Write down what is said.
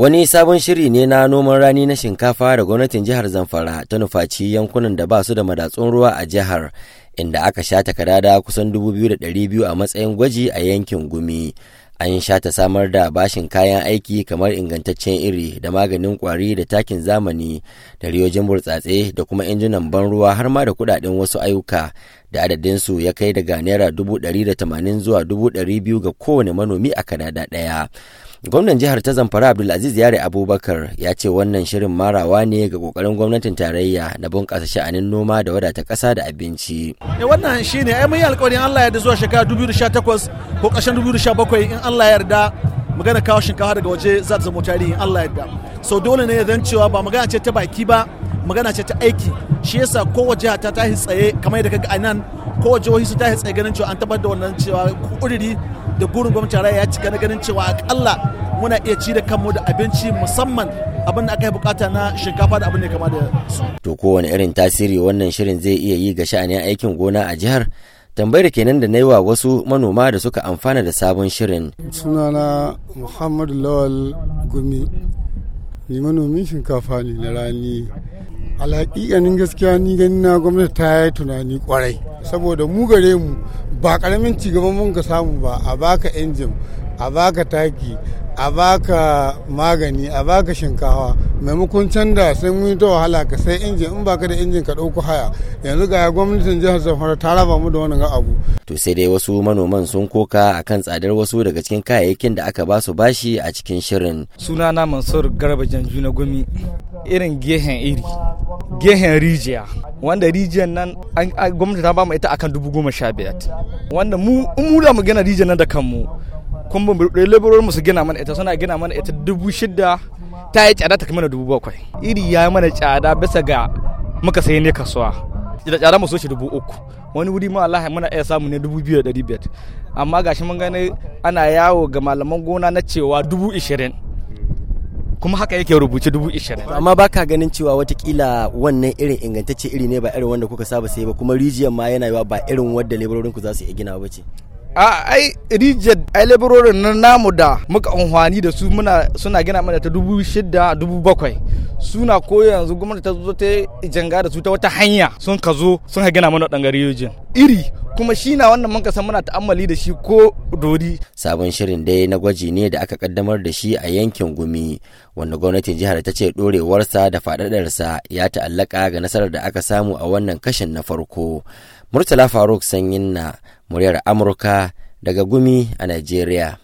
Wani sabon shiri ne na noman rani na shinkafa da gwamnatin jihar Zamfara ta nufaci yankunan da ba su da madatsun ruwa a jihar, inda aka shata kadada kusan 2,200 a matsayin gwaji a yankin gumi. An sha ta samar da bashin kayan aiki kamar ingantaccen iri da maganin kwari da takin zamani da riyojin burtsatse da kuma injunan ban ruwa har ma da kudaden wasu ayyuka da adadinsu ya kai daga naira 180 zuwa 200 ga kowane manomi a kadada ɗaya. gwamnan jihar ta zamfara abdulaziz yare abubakar ya ce wannan shirin marawa ne ga kokarin gwamnatin tarayya na bunƙasa sha'anin noma da wadata ƙasa da abinci e wannan shi ai mun yi alƙawarin Allah ya da zuwa shekara 2018 ko ƙarshen 2017 in Allah ya yarda magana kawo shinkafa daga waje za ta zama tarihi in Allah ya yarda so dole ne zan cewa ba magana ce ta baki ba magana ce ta aiki shi yasa kowace jiha ta tahi tsaye kamar yadda ga a nan ko jihohi su tashi tsaye ganin cewa an tabbatar da wannan cewa kuriri da gurin gwamnati tarayya ya cika na ganin cewa akalla muna iya ci da kanmu da abinci musamman abin da aka yi bukata na shinkafa da abin da kama da su. To kowane irin tasiri wannan shirin zai iya yi ga sha'anin aikin gona a jihar tambayar kenan da na yi wa wasu manoma da suka amfana da sabon shirin. Sunana Muhammadu Lawal Gumi, ni manomin shinkafa ne na rani alhaƙiƙanin gaskiya ni ganin na gwamnati ta yi tunani kwarai saboda mu gare mu ba ƙaramin gaba mun ka samu ba a baka injin a baka taki a baka magani a baka shinkawa maimakon canza sai mun yi ta wahala ka sai injin in baka da injin ka ɗauko haya yanzu ga gwamnatin jihar zamfara ta raba mu da wani abu to sai dai wasu manoman sun koka akan tsadar wasu daga cikin kayayyakin da aka basu bashi a cikin shirin sunana mansur garba janju na gumi irin gehen iri gehen rijiya wanda rijiyar nan gwamnati ta mu ita akan dubu goma sha biyar wanda mu mu da mu gina rijiyar nan da kanmu kuma laborar mu su gina mana ita suna gina mana ita dubu shida ta yi tsada ta kamar dubu bakwai iri ya mana tsada bisa ga muka sayi ne kasuwa da tsada mu so shi dubu uku wani wuri ma Allah muna iya samu ne dubu biyu da biyar amma gashi mun gani ana yawo ga malaman gona na cewa dubu ishirin kuma haka yake rubuce dubu ishirin. amma ba ka ganin cewa watakila wannan irin ingantacce iri ne ba irin wanda kuka saba sai ba kuma rijiyar ma yana yiwa ba irin wadda leburorin ku za su iya gina ba ce. a ai rijiyar ai leburorin na namu da muka amfani da su muna suna gina mana ta dubu shida dubu bakwai suna ko yanzu gwamnati ta zo ta janga da su ta wata hanya sun ka zo sun ka gina mana ɗan rijiyar iri kuma shi na wannan manka san muna ta'ammali da shi ko dodi. sabon shirin dai na gwaji ne da aka kaddamar da shi a yankin gumi wanda gwamnatin jihar ta ce dorewarsa da faɗaɗarsa ya ta'allaka ga nasarar da aka samu a wannan kashin na farko murtala faruk sanyin na muryar amurka daga gumi a nigeria.